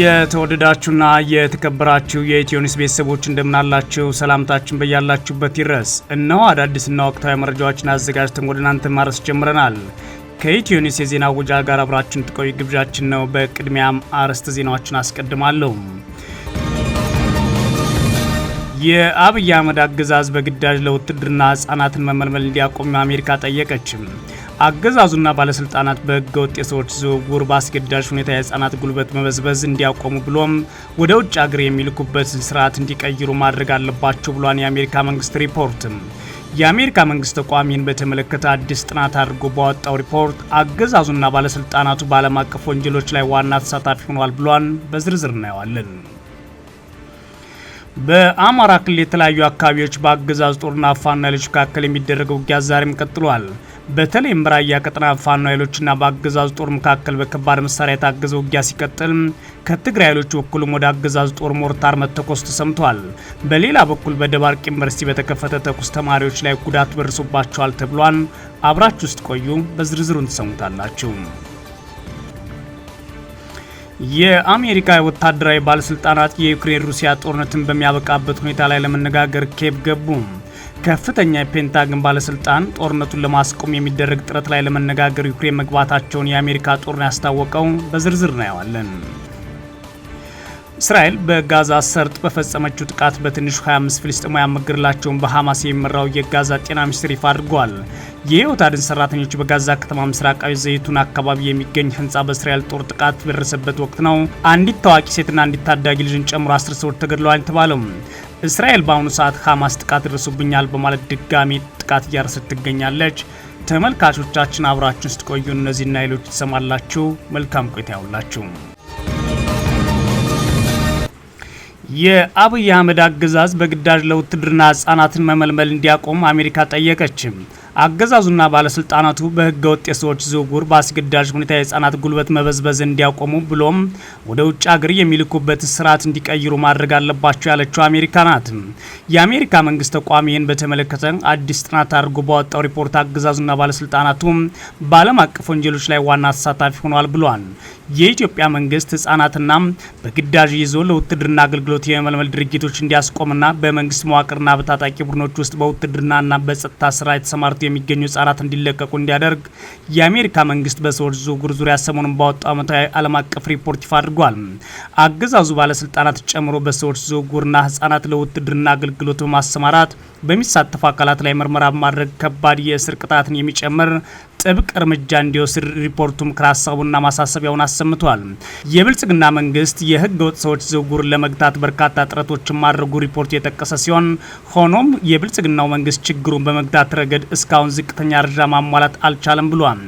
የተወደዳችሁና የተከበራችሁ የኢትዮኒስ ቤተሰቦች እንደምናላችሁ ሰላምታችን በያላችሁበት ይድረስ። እነሆ አዳዲስና ወቅታዊ መረጃዎችን አዘጋጅተን ወደ እናንተ ማድረስ ጀምረናል። ከኢትዮኒስ የዜና ውጃ ጋር አብራችን ጥቆዩ ግብዣችን ነው። በቅድሚያም አርዕስተ ዜናዎችን አስቀድማለሁ። የአብይ አህመድ አገዛዝ በግዳጅ ለውትድርና ህጻናትን መመልመል እንዲያቆም አሜሪካ ጠየቀችም። አገዛዙና ባለስልጣናት በህገ ወጥ የሰዎች ዝውውር በአስገዳጅ ሁኔታ የህጻናት ጉልበት መበዝበዝ እንዲያቆሙ ብሎም ወደ ውጭ አገር የሚልኩበት ስርዓት እንዲቀይሩ ማድረግ አለባቸው ብሏን የአሜሪካ መንግስት ሪፖርትም የአሜሪካ መንግስት ተቋሚን በተመለከተ አዲስ ጥናት አድርጎ በወጣው ሪፖርት አገዛዙና ባለስልጣናቱ በዓለም አቀፍ ወንጀሎች ላይ ዋና ተሳታፊ ሆኗል ብሏን። በዝርዝር እናየዋለን። በአማራ ክልል የተለያዩ አካባቢዎች በአገዛዝ ጦርና ፋኖ ኃይሎች መካከል የሚደረገው ውጊያ ዛሬም ቀጥሏል። በተለይም በራያ ቀጠና ፋኖ ኃይሎችና በአገዛዝ ጦር መካከል በከባድ መሳሪያ የታገዘ ውጊያ ሲቀጥል ከትግራይ ኃይሎች በኩልም ወደ አገዛዝ ጦር ሞርታር መተኮስ ተሰምቷል። በሌላ በኩል በደባርቅ ዩኒቨርሲቲ በተከፈተ ተኩስ ተማሪዎች ላይ ጉዳት ደርሶባቸዋል ተብሏል። አብራችሁ ውስጥ ቆዩ፣ በዝርዝሩን ትሰሙታላችሁ። የአሜሪካ ወታደራዊ ባለስልጣናት የዩክሬን ሩሲያ ጦርነትን በሚያበቃበት ሁኔታ ላይ ለመነጋገር ኬፕ ገቡ። ከፍተኛ የፔንታገን ባለስልጣን ጦርነቱን ለማስቆም የሚደረግ ጥረት ላይ ለመነጋገር ዩክሬን መግባታቸውን የአሜሪካ ጦር ያስታወቀው በዝርዝር እናየዋለን። እስራኤል በጋዛ ሰርጥ በፈጸመችው ጥቃት በትንሹ 25 ፍልስጤማውያን መገደላቸውን በሐማስ የሚመራው የጋዛ ጤና ሚኒስቴር ይፋ አድርጓል። የህይወት አድን ሰራተኞች በጋዛ ከተማ ምስራቃዊ ዘይቱን አካባቢ የሚገኝ ህንፃ በእስራኤል ጦር ጥቃት በደረሰበት ወቅት ነው አንዲት ታዋቂ ሴትና አንዲት ታዳጊ ልጅን ጨምሮ አስር ሰዎች ተገድለዋል ተባለው። እስራኤል በአሁኑ ሰዓት ሐማስ ጥቃት ደርሶብኛል በማለት ድጋሜ ጥቃት እያደረሰች ትገኛለች። ተመልካቾቻችን አብራችን ስትቆዩ እነዚህና ሌሎች ትሰማላችሁ። መልካም ቆይታ ያውላችሁ። የአብይ አህመድ አገዛዝ በግዳጅ ለውትድርና ህጻናትን መመልመል እንዲያቆም አሜሪካ ጠየቀችም። አገዛዙና ባለስልጣናቱ በህገ ወጥ የሰዎች ዝውውር በአስገዳጅ ሁኔታ የህጻናት ጉልበት መበዝበዝ እንዲያቆሙ ብሎም ወደ ውጭ ሀገር የሚልኩበት ስርዓት እንዲቀይሩ ማድረግ አለባቸው ያለችው አሜሪካ ናት። የአሜሪካ መንግስት ተቋም ይህን በተመለከተ አዲስ ጥናት አድርጎ በወጣው ሪፖርት አገዛዙና ባለስልጣናቱ በዓለም አቀፍ ወንጀሎች ላይ ዋና ተሳታፊ ሆኗል ብሏል። የኢትዮጵያ መንግስት ህጻናትና በግዳጅ ይዞ ለውትድርና አገልግሎት የመመልመል ድርጊቶች እንዲያስቆምና በመንግስት መዋቅርና በታጣቂ ቡድኖች ውስጥ በውትድርናና በጸጥታ ስራ የተሰማር በትምህርት የሚገኙ ህጻናት እንዲለቀቁ እንዲያደርግ የአሜሪካ መንግስት በሰዎች ዝውውር ዙሪያ ሰሞኑን ባወጣው አመታዊ ዓለም አቀፍ ሪፖርት ይፋ አድርጓል። አገዛዙ ባለስልጣናት ጨምሮ በሰዎች ዝውውርና ህጻናት ለውትድርና አገልግሎት በማሰማራት በሚሳተፉ አካላት ላይ ምርመራ በማድረግ ከባድ የእስር ቅጣትን የሚጨምር ጥብቅ እርምጃ እንዲወስድ ሪፖርቱ ምክር ሀሳቡና ማሳሰቢያውን አሰምቷል። የብልጽግና መንግስት የህገ ወጥ ሰዎች ዝውውር ለመግታት በርካታ ጥረቶችን ማድረጉ ሪፖርቱ የጠቀሰ ሲሆን ሆኖም የብልጽግናው መንግስት ችግሩን በመግታት ረገድ እስከ እስካሁን ዝቅተኛ ደረጃ ማሟላት አልቻለም ብሏል።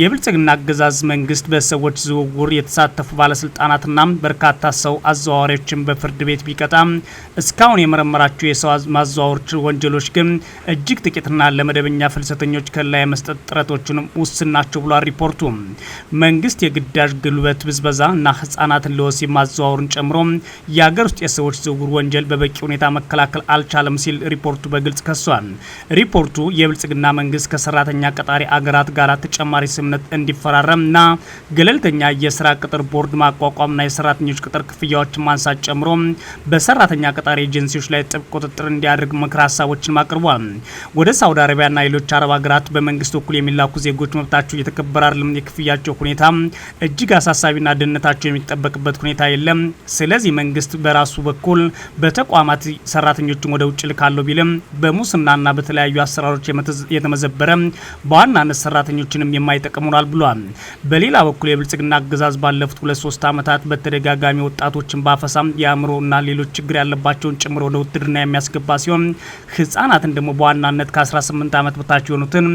የብልጽግና አገዛዝ መንግስት በሰዎች ዝውውር የተሳተፉ ባለስልጣናትና በርካታ ሰው አዘዋዋሪዎችን በፍርድ ቤት ቢቀጣም እስካሁን የመረመራቸው የሰው ማዘዋወር ወንጀሎች ግን እጅግ ጥቂትና ለመደበኛ ፍልሰተኞች ከላይ የመስጠት ጥረቶችን ውስን ናቸው ብሏል ሪፖርቱ። መንግስት የግዳጅ ጉልበት ብዝበዛ እና ህጻናትን ለወሲብ ማዘዋወሩን ጨምሮ የአገር ውስጥ የሰዎች ዝውውር ወንጀል በበቂ ሁኔታ መከላከል አልቻለም ሲል ሪፖርቱ በግልጽ ከሷል። ሪፖርቱ የብልጽግና ና መንግስት ከሰራተኛ ቀጣሪ አገራት ጋር ተጨማሪ ስምምነት እንዲፈራረምና ገለልተኛ የስራ ቅጥር ቦርድ ማቋቋምና የሰራተኞች ቅጥር ክፍያዎችን ማንሳት ጨምሮ በሰራተኛ ቀጣሪ ኤጀንሲዎች ላይ ጥብቅ ቁጥጥር እንዲያደርግ ምክር ሀሳቦችን አቅርቧል። ወደ ሳውዲ አረቢያና ሌሎች አረብ ሀገራት በመንግስት በኩል የሚላኩ ዜጎች መብታቸው እየተከበረ አይደለም፣ የክፍያቸው ሁኔታ እጅግ አሳሳቢና ደህንነታቸው የሚጠበቅበት ሁኔታ የለም። ስለዚህ መንግስት በራሱ በኩል በተቋማት ሰራተኞችን ወደ ውጭ ልካለሁ ቢልም በሙስናና በተለያዩ አሰራሮች የተመዘበረ በዋናነት ሰራተኞችንም የማይጠቅም ሆኗል ብሏል። በሌላ በኩል የብልጽግና አገዛዝ ባለፉት ሁለት ሶስት ዓመታት በተደጋጋሚ ወጣቶችን ባፈሳም የአእምሮ እና ሌሎች ችግር ያለባቸውን ጭምሮ ወደ ውትድርና የሚያስገባ ሲሆን ህጻናትን ደግሞ በዋናነት ከ18 ዓመት በታች የሆኑትን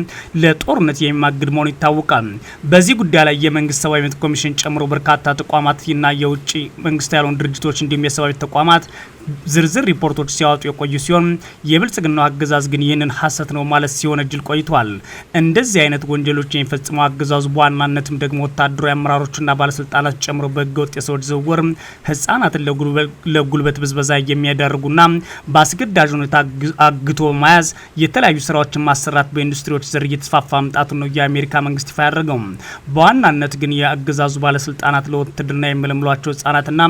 ለጦርነት የሚማግድ መሆኑ ይታወቃል። በዚህ ጉዳይ ላይ የመንግስት ሰብአዊ መብት ኮሚሽን ጨምሮ በርካታ ተቋማትና የውጭ መንግስት ያልሆኑ ድርጅቶች እንዲሁም የሰብአዊ መብት ተቋማት ዝርዝር ሪፖርቶች ሲያወጡ የቆዩ ሲሆን የብልጽግናው አገዛዝ ግን ይህንን ሀሰት ነው ማለት ሲሆነ ሲወነጅል ቆይቷል። እንደዚህ አይነት ወንጀሎች የሚፈጽመው አገዛዙ በዋናነትም ደግሞ ወታደራዊ አመራሮችና ባለስልጣናት ጨምሮ በህገወጥ የሰዎች ዝውውር ህጻናትን ለጉልበት ብዝበዛ የሚያደርጉና በአስገዳጅ ሁኔታ አግቶ መያዝ፣ የተለያዩ ስራዎችን ማሰራት በኢንዱስትሪዎች ዘር እየተስፋፋ መምጣቱ ነው የአሜሪካ መንግስት ይፋ ያደረገው። በዋናነት ግን የአገዛዙ ባለስልጣናት ለውትድርና የሚመለምሏቸው ህጻናትና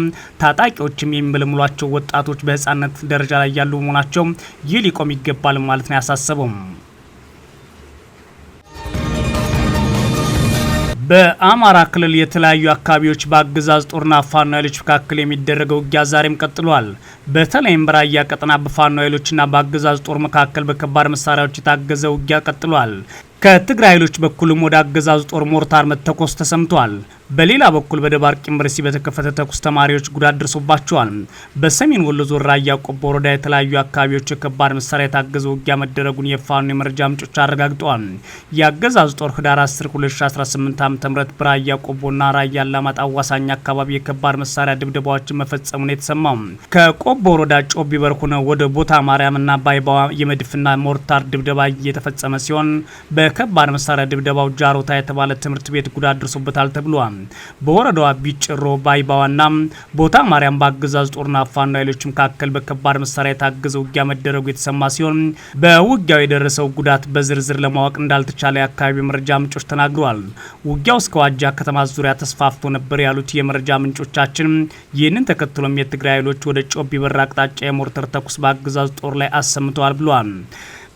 ታጣቂዎችም የሚመለምሏቸው ወጣቶች በህጻነት ደረጃ ላይ ያሉ መሆናቸው ይህ ሊቆም ይገባል ማለት ነው ያሳሰበው። በአማራ ክልል የተለያዩ አካባቢዎች በአገዛዝ ጦርና ፋኖ ኃይሎች መካከል የሚደረገው ውጊያ ዛሬም ቀጥሏል። በተለይም በራያ ቀጠና በፋኖ ኃይሎችና በአገዛዝ ጦር መካከል በከባድ መሳሪያዎች የታገዘ ውጊያ ቀጥሏል። ከትግራይ ኃይሎች በኩልም ወደ አገዛዙ ጦር ሞርታር መተኮስ ተሰምቷል። በሌላ በኩል በደባርቅ ዩኒቨርሲቲ በተከፈተ ተኩስ ተማሪዎች ጉዳት ደርሶባቸዋል። በሰሜን ወሎ ዞን ራያ ቆቦ ወረዳ የተለያዩ አካባቢዎች የከባድ መሳሪያ የታገዘ ውጊያ መደረጉን የፋኑ የመረጃ ምንጮች አረጋግጠዋል። የአገዛዙ ጦር ህዳር 10 2018 ዓ ም በራያ ቆቦና ራያ አላማጣ አዋሳኝ አካባቢ የከባድ መሳሪያ ድብደባዎችን መፈጸሙን የተሰማው ከቆቦ ወረዳ ጮቢ በር ሆነ ወደ ቦታ ማርያምና ባይባ የመድፍና ሞርታር ድብደባ እየተፈጸመ ሲሆን በከባድ መሳሪያ ድብደባው ጃሮታ የተባለ ትምህርት ቤት ጉዳት ደርሶበታል ተብሏል። በወረዳዋ ቢጭሮ ባይባዋና ቦታ ማርያም በአገዛዝ ጦርና ፋኖ ኃይሎች መካከል በከባድ መሳሪያ የታገዘ ውጊያ መደረጉ የተሰማ ሲሆን በውጊያው የደረሰው ጉዳት በዝርዝር ለማወቅ እንዳልተቻለ የአካባቢ መረጃ ምንጮች ተናግረዋል። ውጊያው እስከ ዋጃ ከተማ ዙሪያ ተስፋፍቶ ነበር ያሉት የመረጃ ምንጮቻችን ይህንን ተከትሎም የትግራይ ኃይሎች ወደ ጮቢ በር አቅጣጫ የሞርተር ተኩስ በአገዛዝ ጦር ላይ አሰምተዋል ብሏል።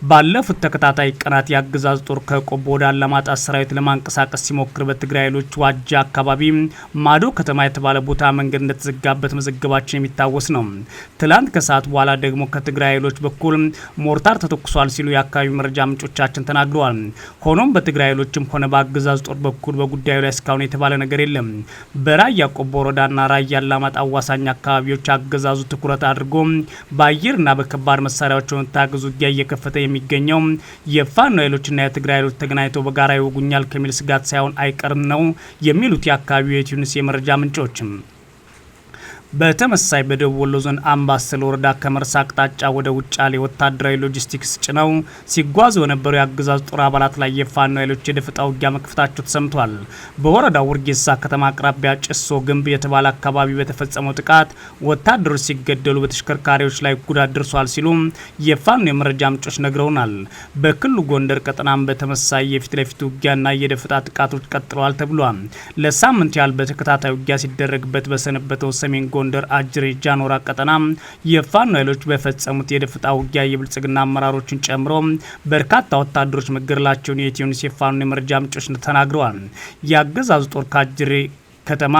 ባለፉት ተከታታይ ቀናት የአገዛዝ ጦር ከቆቦ ወደ አላማጣ ሰራዊት ለማንቀሳቀስ ሲሞክር በትግራይ ኃይሎች ዋጃ አካባቢ ማዶ ከተማ የተባለ ቦታ መንገድ እንደተዘጋበት መዘገባችን የሚታወስ ነው። ትላንት ከሰዓት በኋላ ደግሞ ከትግራይ ኃይሎች በኩል ሞርታር ተተኩሷል ሲሉ የአካባቢ መረጃ ምንጮቻችን ተናግረዋል። ሆኖም በትግራይ ኃይሎችም ሆነ በአገዛዝ ጦር በኩል በጉዳዩ ላይ እስካሁን የተባለ ነገር የለም። በራያ ቆቦ ወረዳና ራያ አላማጣ አዋሳኝ አካባቢዎች አገዛዙ ትኩረት አድርጎ በአየርና በከባድ መሳሪያዎች ታግዙ ውጊያ እየከፈተ የሚገኘው የፋኖ ኃይሎችና የትግራይ ኃይሎች ተገናኝተው በጋራ ይወጉኛል ከሚል ስጋት ሳይሆን አይቀርም ነው የሚሉት የአካባቢው የቱኒስ የመረጃ ምንጮችም በተመሳይ በደቡብ ወሎ ዞን አምባሰል ወረዳ ከመርሳ አቅጣጫ ወደ ውጫሌ ወታደራዊ ሎጂስቲክስ ጭነው ሲጓዙ የነበሩ የአገዛዙ ጦር አባላት ላይ የፋኖ ኃይሎች የደፈጣ ውጊያ መክፈታቸው ተሰምቷል። በወረዳው ውርጌሳ ከተማ አቅራቢያ ጭሶ ግንብ የተባለ አካባቢ በተፈጸመው ጥቃት ወታደሮች ሲገደሉ፣ በተሽከርካሪዎች ላይ ጉዳት ደርሷል ሲሉ የፋኖ የመረጃ ምንጮች ነግረውናል። በክሉ ጎንደር ቀጠናም በተመሳይ የፊት ለፊት ውጊያና የደፈጣ ጥቃቶች ቀጥለዋል ተብሏል። ለሳምንት ያህል በተከታታይ ውጊያ ሲደረግበት በሰነበተው ሰሜን ጎንደር አጅሬ ጃኖራ ቀጠና የፋኖ ኃይሎች በፈጸሙት የደፍጣ ውጊያ የብልጽግና አመራሮችን ጨምሮ በርካታ ወታደሮች መገደላቸውን የኢትዮ የፋኖ የመረጃ ምንጮች ተናግረዋል። የአገዛዙ ጦር ከአጅሬ ከተማ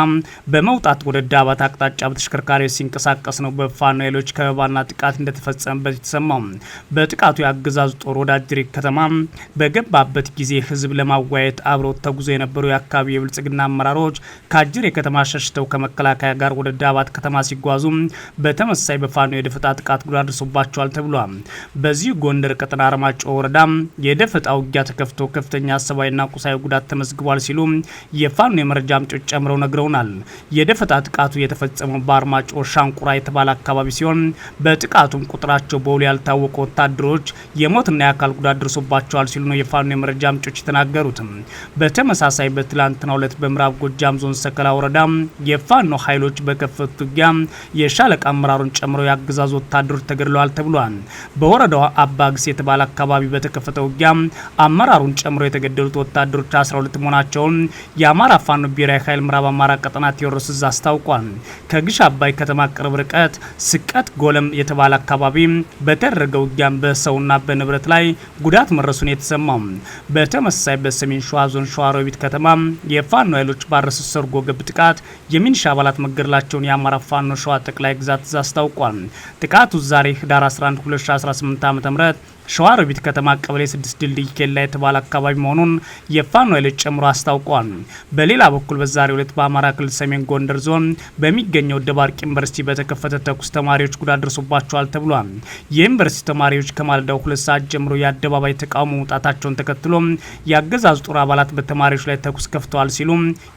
በመውጣት ወደ ዳባት አቅጣጫ በተሽከርካሪ ሲንቀሳቀስ ነው በፋኖ ኃይሎች ከበባና ጥቃት እንደተፈጸመበት የተሰማው። በጥቃቱ የአገዛዙ ጦር ወደ አጅሬ ከተማ በገባበት ጊዜ ህዝብ ለማዋየት አብሮ ተጉዞ የነበሩ የአካባቢው የብልጽግና አመራሮች ከአጅሬ ከተማ ሸሽተው ከመከላከያ ጋር ወደ ዳባት ከተማ ሲጓዙ በተመሳይ በፋኖ የደፈጣ ጥቃት ጉዳት ደርሶባቸዋል ተብሏል። በዚህ ጎንደር ቀጠና አርማጮ ወረዳ የደፈጣ ውጊያ ተከፍቶ ከፍተኛ ሰብአዊና ቁሳዊ ጉዳት ተመዝግቧል ሲሉ የፋኖ የመረጃ ምንጮች ጨምረው ነግረውናል። የደፈጣ ጥቃቱ የተፈጸመው በአርማጮ ሻንቁራ የተባለ አካባቢ ሲሆን በጥቃቱም ቁጥራቸው በውሉ ያልታወቁ ወታደሮች የሞትና የአካል ጉዳት ደርሶባቸዋል ሲሉ ነው የፋኖ የመረጃ ምንጮች የተናገሩት። በተመሳሳይ በትላንትናው ዕለት በምዕራብ ጎጃም ዞን ሰከላ ወረዳ የፋኖ ኃይሎች በከፈቱት ውጊያ የሻለቃ አመራሩን ጨምሮ የአገዛዙ ወታደሮች ተገድለዋል ተብሏል። በወረዳው አባግስ የተባለ አካባቢ በተከፈተ ውጊያ አመራሩን ጨምሮ የተገደሉት ወታደሮች 12 መሆናቸውን የአማራ ፋኖ ብሔራዊ ኃይል ምዕራብ አማራ ቀጠና ቴዎድሮስ እዝ አስታውቋል። ከግሽ አባይ ከተማ ቅርብ ርቀት ስቀት ጎለም የተባለ አካባቢ በተደረገው ውጊያ በሰውና በንብረት ላይ ጉዳት መድረሱን የተሰማው። በተመሳሳይ በሰሜን ሸዋ ዞን ሸዋሮቢት ከተማ የፋኖ ኃይሎች ባረሱት ሰርጎ ገብ ጥቃት የሚኒሻ አባላት መገደላቸውን የአማራ ፋኖ ሸዋ ጠቅላይ ግዛት እዝ አስታውቋል። ጥቃቱ ዛሬ ህዳር 11 2018 ዓ ም ሸዋሮቢት ከተማ ቀበሌ ስድስት ድልድይ ኬላ የተባለ አካባቢ መሆኑን የፋኖ ኃይሎች ጨምሮ አስታውቋል። በሌላ በኩል በዛሬ ሁለት በአማራ ክልል ሰሜን ጎንደር ዞን በሚገኘው ደባርቅ ዩኒቨርሲቲ በተከፈተ ተኩስ ተማሪዎች ጉዳት ደርሶባቸዋል ተብሏል። የዩኒቨርሲቲ ተማሪዎች ከማለዳው ሁለት ሰዓት ጀምሮ የአደባባይ ተቃውሞ መውጣታቸውን ተከትሎ የአገዛዙ ጦር አባላት በተማሪዎች ላይ ተኩስ ከፍተዋል ሲሉ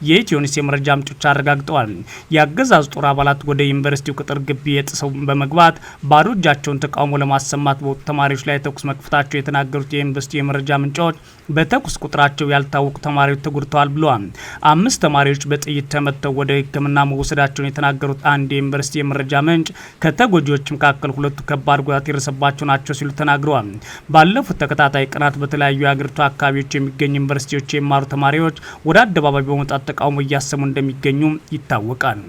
የኢትዮኒስ የመረጃ ምንጮች አረጋግጠዋል። የአገዛዙ ጦር አባላት ወደ ዩኒቨርሲቲው ቅጥር ግቢ የጥሰው በመግባት ባዶ እጃቸውን ተቃውሞ ለማሰማት በወጡ ተማሪዎች ላይ ተኩስ ተኩስ መክፈታቸው የተናገሩት የዩኒቨርሲቲ የመረጃ ምንጫዎች በተኩስ ቁጥራቸው ያልታወቁ ተማሪዎች ተጉድተዋል ብለዋል። አምስት ተማሪዎች በጥይት ተመተው ወደ ሕክምና መወሰዳቸውን የተናገሩት አንድ የዩኒቨርሲቲ የመረጃ ምንጭ ከተጎጂዎች መካከል ሁለቱ ከባድ ጉዳት የደረሰባቸው ናቸው ሲሉ ተናግረዋል። ባለፉት ተከታታይ ቀናት በተለያዩ የሀገሪቱ አካባቢዎች የሚገኙ ዩኒቨርሲቲዎች የሚማሩ ተማሪዎች ወደ አደባባይ በመውጣት ተቃውሞ እያሰሙ እንደሚገኙ ይታወቃል።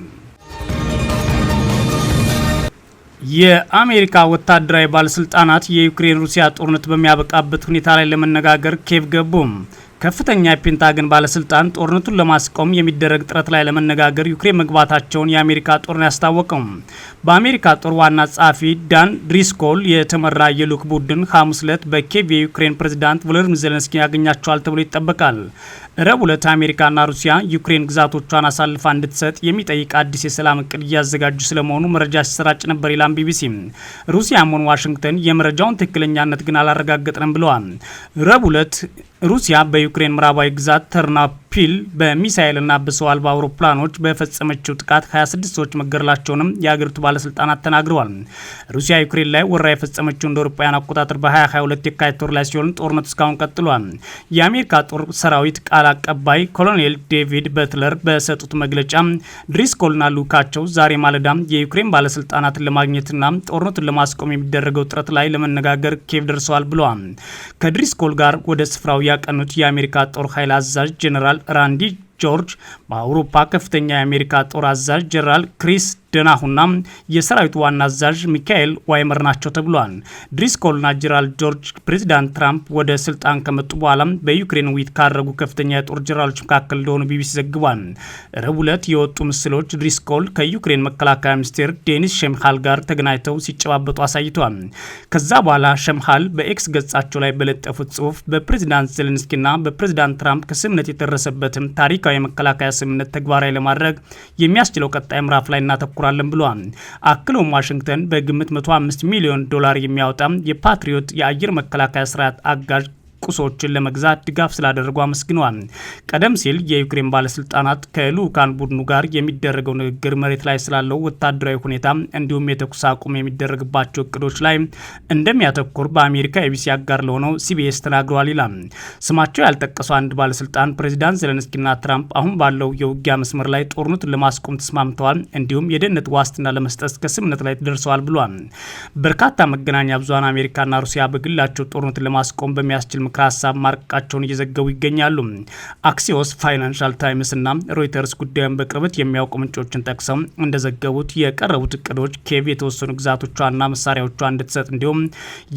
የአሜሪካ ወታደራዊ ባለስልጣናት የዩክሬን ሩሲያ ጦርነት በሚያበቃበት ሁኔታ ላይ ለመነጋገር ኬቭ ገቡም። ከፍተኛ የፔንታገን ባለስልጣን ጦርነቱን ለማስቆም የሚደረግ ጥረት ላይ ለመነጋገር ዩክሬን መግባታቸውን የአሜሪካ ጦር ነው ያስታወቀው። በአሜሪካ ጦር ዋና ጸሐፊ ዳን ድሪስኮል የተመራ የልዑክ ቡድን ሐሙስ ዕለት በኬቭ የዩክሬን ፕሬዚዳንት ቮሎዲሚር ዜሌንስኪ ያገኛቸዋል ተብሎ ይጠበቃል። ረብ ሁለት አሜሪካና ሩሲያ ዩክሬን ግዛቶቿን አሳልፋ እንድትሰጥ የሚጠይቅ አዲስ የሰላም እቅድ እያዘጋጁ ስለመሆኑ መረጃ ሲሰራጭ ነበር ይላም ቢቢሲ። ሩሲያም ሆነ ዋሽንግተን የመረጃውን ትክክለኛነት ግን አላረጋገጥንም ብለዋል። ረብ ሁለት ሩሲያ በዩክሬን ምዕራባዊ ግዛት ተርናፕ ፒል በሚሳኤልና ብሰው አልባ አውሮፕላኖች በፈጸመችው ጥቃት 26 ሰዎች መገደላቸውንም የአገሪቱ ባለስልጣናት ተናግረዋል። ሩሲያ ዩክሬን ላይ ወራ የፈጸመችው እንደ አውሮፓውያን አቆጣጠር በ2022 የካቲት ወር ላይ ሲሆን ጦርነቱ እስካሁን ቀጥሏል። የአሜሪካ ጦር ሰራዊት ቃል አቀባይ ኮሎኔል ዴቪድ በትለር በሰጡት መግለጫ ድሪስኮልና ልዑካቸው ዛሬ ማለዳም የዩክሬን ባለስልጣናትን ለማግኘትና ጦርነቱን ለማስቆም የሚደረገው ጥረት ላይ ለመነጋገር ኬቭ ደርሰዋል ብለዋል። ከድሪስኮል ጋር ወደ ስፍራው ያቀኑት የአሜሪካ ጦር ኃይል አዛዥ ጄኔራል ራንዲ ጆርጅ በአውሮፓ ከፍተኛ የአሜሪካ ጦር አዛዥ ጀነራል ክሪስ ደናሁና የሰራዊቱ ዋና አዛዥ ሚካኤል ዋይመር ናቸው ተብሏል። ድሪስኮልና ጀነራል ጆርጅ ፕሬዚዳንት ትራምፕ ወደ ስልጣን ከመጡ በኋላ በዩክሬን ውይይት ካደረጉ ከፍተኛ የጦር ጀራሎች መካከል እንደሆኑ ቢቢሲ ዘግቧል። ረቡዕ ዕለት የወጡ ምስሎች ድሪስኮል ከዩክሬን መከላከያ ሚኒስቴር ዴኒስ ሸምሃል ጋር ተገናኝተው ሲጨባበጡ አሳይቷል። ከዛ በኋላ ሸምሃል በኤክስ ገጻቸው ላይ በለጠፉት ጽሁፍ በፕሬዚዳንት ዜሌንስኪና በፕሬዚዳንት ትራምፕ ከስምምነት የተደረሰበትም ታሪካዊ የመከላከያ ስምምነት ተግባራዊ ለማድረግ የሚያስችለው ቀጣይ ምዕራፍ ላይ እናተኩራል እናቆራለን ብሏል። አክሎም ዋሽንግተን በግምት 105 ሚሊዮን ዶላር የሚያወጣ የፓትሪዮት የአየር መከላከያ ስርዓት አጋዥ ቁሶችን ለመግዛት ድጋፍ ስላደረጉ አመስግነዋል። ቀደም ሲል የዩክሬን ባለስልጣናት ከልኡካን ቡድኑ ጋር የሚደረገው ንግግር መሬት ላይ ስላለው ወታደራዊ ሁኔታ እንዲሁም የተኩስ አቁም የሚደረግባቸው እቅዶች ላይ እንደሚያተኩር በአሜሪካ ኤቢሲ አጋር ለሆነው ሲቢኤስ ተናግረዋል ይላል። ስማቸው ያልጠቀሱ አንድ ባለስልጣን ፕሬዚዳንት ዘለንስኪና ትራምፕ አሁን ባለው የውጊያ መስመር ላይ ጦርነቱን ለማስቆም ተስማምተዋል፣ እንዲሁም የደህንነት ዋስትና ለመስጠት ከስምምነት ላይ ተደርሰዋል ብሏል። በርካታ መገናኛ ብዙሀን አሜሪካና ሩሲያ በግላቸው ጦርነቱን ለማስቆም በሚያስችል ምክረ ሀሳብ ማርቃቸውን እየዘገቡ ይገኛሉ። አክሲዮስ፣ ፋይናንሻል ታይምስ እና ሮይተርስ ጉዳዩን በቅርበት የሚያውቁ ምንጮችን ጠቅሰው እንደዘገቡት የቀረቡት እቅዶች ኬቭ የተወሰኑ ግዛቶቿና መሳሪያዎቿ እንድትሰጥ እንዲሁም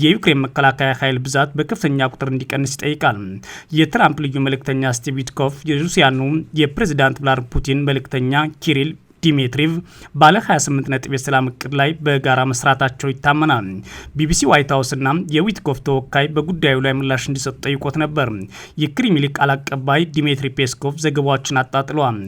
የዩክሬን መከላከያ ኃይል ብዛት በከፍተኛ ቁጥር እንዲቀንስ ይጠይቃል። የትራምፕ ልዩ መልእክተኛ ስቲቭ የሩሲያኑ የፕሬዚዳንት ቭላድሚር ፑቲን መልእክተኛ ኪሪል ዲሜትሪቭ ባለ 28 ነጥብ የሰላም እቅድ ላይ በጋራ መስራታቸው ይታመናል። ቢቢሲ ዋይት ሀውስና የዊትኮፍ ተወካይ በጉዳዩ ላይ ምላሽ እንዲሰጡ ጠይቆት ነበር። የክሪምሊን ቃል አቀባይ ዲሜትሪ ፔስኮቭ ዘገባዎችን አጣጥለዋል።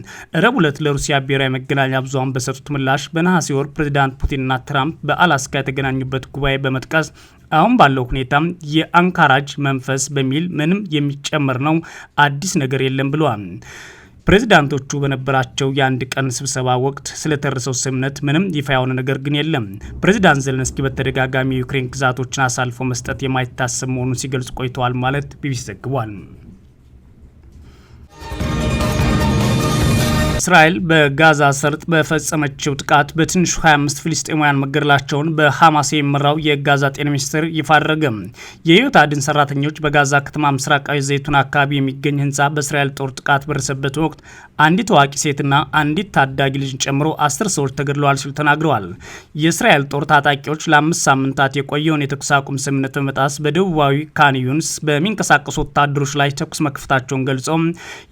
ረቡዕ ዕለት ለሩሲያ ብሔራዊ መገናኛ ብዙኃን በሰጡት ምላሽ በነሐሴ ወር ፕሬዚዳንት ፑቲንና ትራምፕ በአላስካ የተገናኙበት ጉባኤ በመጥቀስ አሁን ባለው ሁኔታ የአንካራጅ መንፈስ በሚል ምንም የሚጨመር ነው አዲስ ነገር የለም ብለዋል። ፕሬዚዳንቶቹ በነበራቸው የአንድ ቀን ስብሰባ ወቅት ስለተረሰው ስምምነት ምንም ይፋ የሆነ ነገር ግን የለም። ፕሬዚዳንት ዘለንስኪ በተደጋጋሚ የዩክሬን ግዛቶችን አሳልፎ መስጠት የማይታሰብ መሆኑን ሲገልጽ ቆይተዋል ማለት ቢቢሲ ዘግቧል። እስራኤል በጋዛ ሰርጥ በፈጸመችው ጥቃት በትንሹ 25 ፊልስጤማውያን መገደላቸውን በሐማስ የሚመራው የጋዛ ጤና ሚኒስቴር ይፋ አደረገ። የህይወት አድን ሰራተኞች በጋዛ ከተማ ምስራቃዊ ዘይቱን አካባቢ የሚገኝ ህንፃ በእስራኤል ጦር ጥቃት በደረሰበት ወቅት አንዲት አዋቂ ሴትና አንዲት ታዳጊ ልጅን ጨምሮ አስር ሰዎች ተገድለዋል ሲሉ ተናግረዋል። የእስራኤል ጦር ታጣቂዎች ለአምስት ሳምንታት የቆየውን የተኩስ አቁም ስምምነት በመጣስ በደቡባዊ ካንዩንስ በሚንቀሳቀሱ ወታደሮች ላይ ተኩስ መክፈታቸውን ገልጸው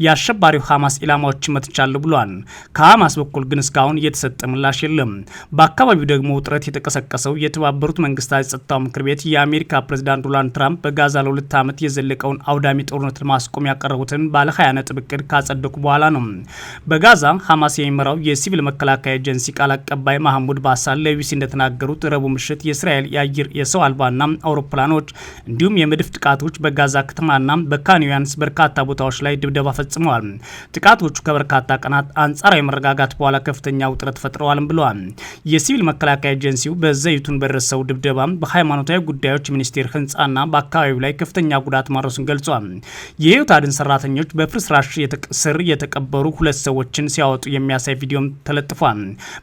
የአሸባሪው ሐማስ ኢላማዎች መትቻለሁ ብሏል። ብሏል። ከሐማስ በኩል ግን እስካሁን እየተሰጠ ምላሽ የለም። በአካባቢው ደግሞ ውጥረት የተቀሰቀሰው የተባበሩት መንግስታት የጸጥታው ምክር ቤት የአሜሪካ ፕሬዚዳንት ዶናልድ ትራምፕ በጋዛ ለሁለት ዓመት የዘለቀውን አውዳሚ ጦርነት ለማስቆም ያቀረቡትን ባለ 20 ነጥብ እቅድ ካጸደቁ በኋላ ነው። በጋዛ ሐማስ የሚመራው የሲቪል መከላከያ ኤጀንሲ ቃል አቀባይ ማህሙድ ባሳል ለቢቢሲ እንደተናገሩት ረቡዕ ምሽት የእስራኤል የአየር የሰው አልባና አውሮፕላኖች እንዲሁም የመድፍ ጥቃቶች በጋዛ ከተማና በካን በርካታ ቦታዎች ላይ ድብደባ ፈጽመዋል። ጥቃቶቹ ከበርካታ ቀናት አንጻራዊ መረጋጋት በኋላ ከፍተኛ ውጥረት ፈጥረዋልም ብለዋል። የሲቪል መከላከያ ኤጀንሲው በዘይቱን በደረሰው ድብደባ በሃይማኖታዊ ጉዳዮች ሚኒስቴር ህንፃና በአካባቢው ላይ ከፍተኛ ጉዳት ማድረሱን ገልጿል። የህይወት አድን ሰራተኞች በፍርስራሽ ስር የተቀበሩ ሁለት ሰዎችን ሲያወጡ የሚያሳይ ቪዲዮም ተለጥፏል።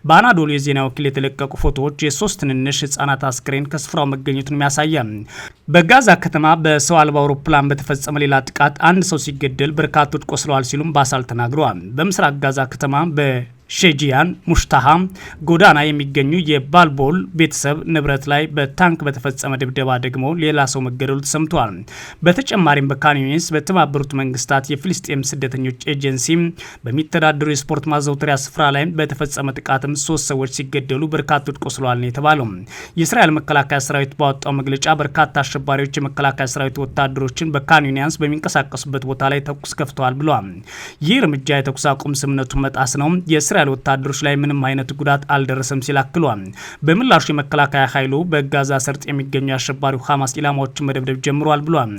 በአናዶሉ የዜና ወኪል የተለቀቁ ፎቶዎች የሶስት ትንንሽ ህጻናት አስክሬን ከስፍራው መገኘቱን ያሳያል። በጋዛ ከተማ በሰው አልባ አውሮፕላን በተፈጸመ ሌላ ጥቃት አንድ ሰው ሲገደል በርካቶች ቆስለዋል ሲሉም ባሳል ተናግረዋል። በምስራቅ ጋዛ akıtamam B. ሼጂያን ሙሽታሃ ጎዳና የሚገኙ የባልቦል ቤተሰብ ንብረት ላይ በታንክ በተፈጸመ ድብደባ ደግሞ ሌላ ሰው መገደሉ ተሰምተዋል። በተጨማሪም በካንዩኒስ በተባበሩት መንግስታት የፊልስጤም ስደተኞች ኤጀንሲ በሚተዳደሩ የስፖርት ማዘውተሪያ ስፍራ ላይ በተፈጸመ ጥቃትም ሶስት ሰዎች ሲገደሉ በርካቶች ቆስለዋል ነው የተባለው። የእስራኤል መከላከያ ሰራዊት ባወጣው መግለጫ በርካታ አሸባሪዎች የመከላከያ ሰራዊት ወታደሮችን በካንዩኒያንስ በሚንቀሳቀሱበት ቦታ ላይ ተኩስ ከፍተዋል ብለዋል። ይህ እርምጃ የተኩስ አቁም ስምምነቱን መጣስ ነው። የእስራኤል ወታደሮች ላይ ምንም አይነት ጉዳት አልደረሰም ሲል አክሏል። በምላሹ የመከላከያ ኃይሉ በጋዛ ሰርጥ የሚገኙ አሸባሪ ሐማስ ኢላማዎችን መደብደብ ጀምሯል ብሏል።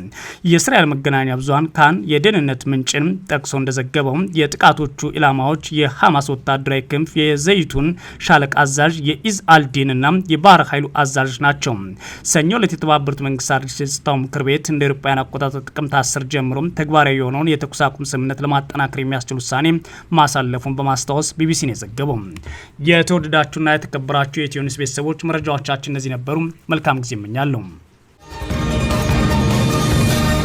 የእስራኤል መገናኛ ብዙሃን ካን የደህንነት ምንጭን ጠቅሶ እንደዘገበው የጥቃቶቹ ኢላማዎች የሐማስ ወታደራዊ ክንፍ የዘይቱን ሻለቅ አዛዥ የኢዝ አልዲንና የባህር ኃይሉ አዛዦች ናቸው። ሰኞ ዕለት የተባበሩት መንግስታት የጸጥታው ምክር ቤት እንደ ኤሮፓውያን አቆጣጠር ጥቅምት አስር ጀምሮ ተግባራዊ የሆነውን የተኩስ አቁም ስምምነት ለማጠናከር የሚያስችል ውሳኔ ማሳለፉን በማስታወስ ቢቢሲን የዘገበው። የተወደዳችሁና የተከበራችሁ የኢትዮኒውስ ቤተሰቦች መረጃዎቻችን እነዚህ ነበሩ። መልካም ጊዜ እመኛለሁ።